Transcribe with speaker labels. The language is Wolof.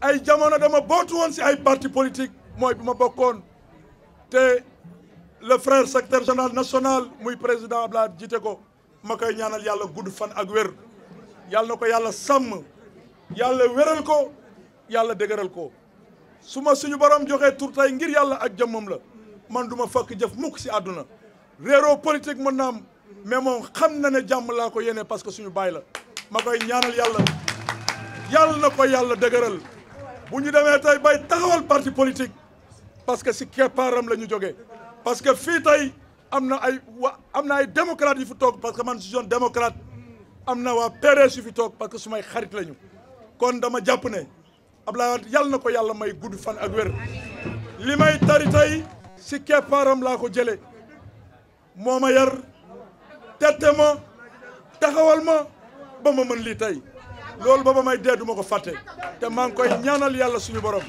Speaker 1: ay jamono dama bootu woon si ay parti politique mooy bi ma bokkoon te le frère secrétaire général muy président laa jiite ko ma koy ñaanal yàlla gudd fan ak wér yàlla na ko yàlla sàmm yàlla wéral ko yàlla dëgëral ko su ma suñu borom joxee tur tey ngir yàlla ak jëmmam la man duma ma fakk jëf mukk si àdduna réeroo politique mën naa am mais moom xam na ne jàmm laa ko yeneen parce que suñu baay la ma koy ñaanal yàlla yàlla na ko yàlla dëgëral bu ñu demee tey bay taxawal parti politique parce que si keppaaram la ñu jógee parce que fii tey am na ay wa am na ay démocrate yu fi toog parce que man si jeune démocrate am na waa PDS yu fi toog parce que su may xarit lañu kon dama jàpp ne Abdoulaye Wade yàlla na ko yàlla may gudd fan ak wér li may tari tey si keppaaram laa ko jële moo ma yar tette ma taxawal ma ba ma mën lii tey loolu ba ba dee duma ko fàtte te maa ngi koy
Speaker 2: ñaanal yàlla suñu borom